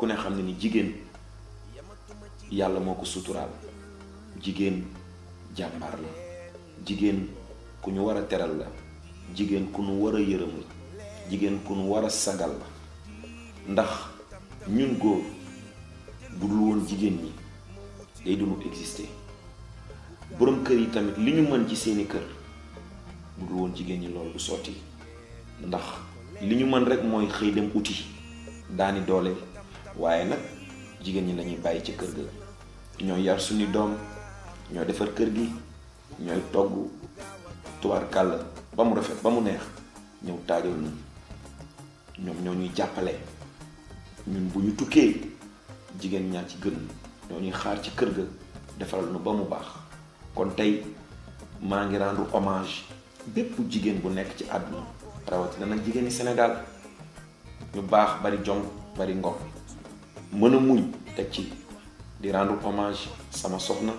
ku ne xamni ni jigen yalla moko sutural jigen jambar la jigen ku ñu wara teral la jigen ku ñu wara a la jigen ku ñu wara sagal la ndax ñun go bu dul won jigen ni day duñu exister borom kër yi tamit li ñu mën ci seeni kër bu dul won jigen ni loolu du soti ndax li ñu mën rek moy xey dem outil daani doole waaye nag jigéen ñi lañuy bàyyi ci kër ga ñooy yar suñu doom ñooy defar kër gi ñooy togg kàll ba mu rafet ba mu neex ñëw taajal na ñoom ñoo ñuy jàppale ñun bu ñu tukkee jigéen ñaar ci gën ñoo ñuy xaar ci kër ga defaral nu ba mu baax kon tey maa ngi rendre hommage bépp jigéen bu nekk ci àdduna rawatina nag jigéeni senegal ñu baax bari jom bari ngor mëna a muñ teg ci di rendre hommage sama soxna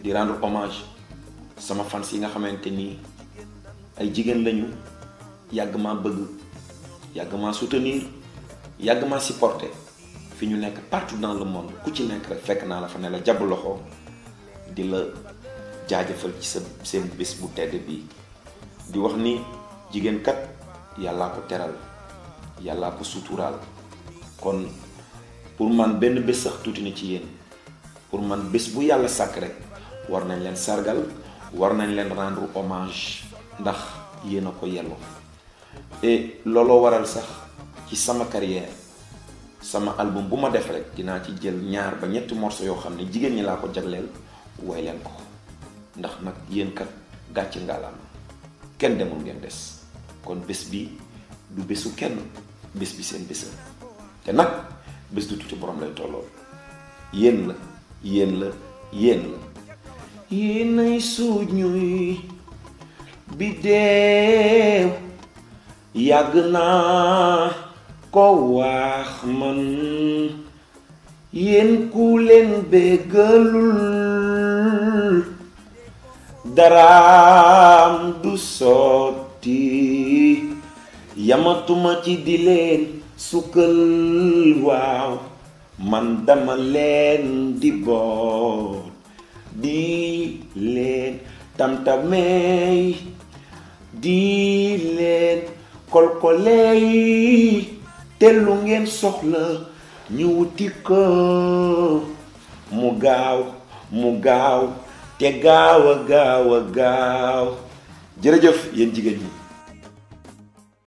di rendre hommage sama fans yi nga xamanteni ay jigen lañu yag ma bëgg yag ma soutenir yag ma supporter fi ñu nekk partout dans le monde ku ci nekk rek fekk naa la fa ne la jàbb loxo di la jaajëfal ci sa seen bés bu tedd bi di wax ni jigéen kat yàllaa ko teral yàllaa ko suturaal kon pour man benn bés sax tuuti na ci yéen pour man bés bu yàlla sàkk rek war nañ leen sargal war nañ leen rendre hommage ndax yéen a ko yello et looloo waral sax ci sama carrière sama album bu ma def rek dinaa ci jël ñaar ba ñetti morceau yoo xam ne jigéen ñi laa ko jagleel way leen ko ndax nag yéen kat gàcc ngaalaam kenn demul ngeen des kon bés bi du bésu kenn bés bi seen bésal te nag bés du tuuti borom lay tollool yéen la yéen la yéen la ay suñuy biddeew yàgg naa ko wax man yéen ku leen béggalul daraam du sotti yamatuma ci di sukkal waaw man dama leen di boot di leen tamtamey di leen kolkoley te lu ngeen soxla ñu wuti ko mu gaaw mu gaaw te gaawa gaawa gaaw a gaaw jërëjëf yéen jigéen ñi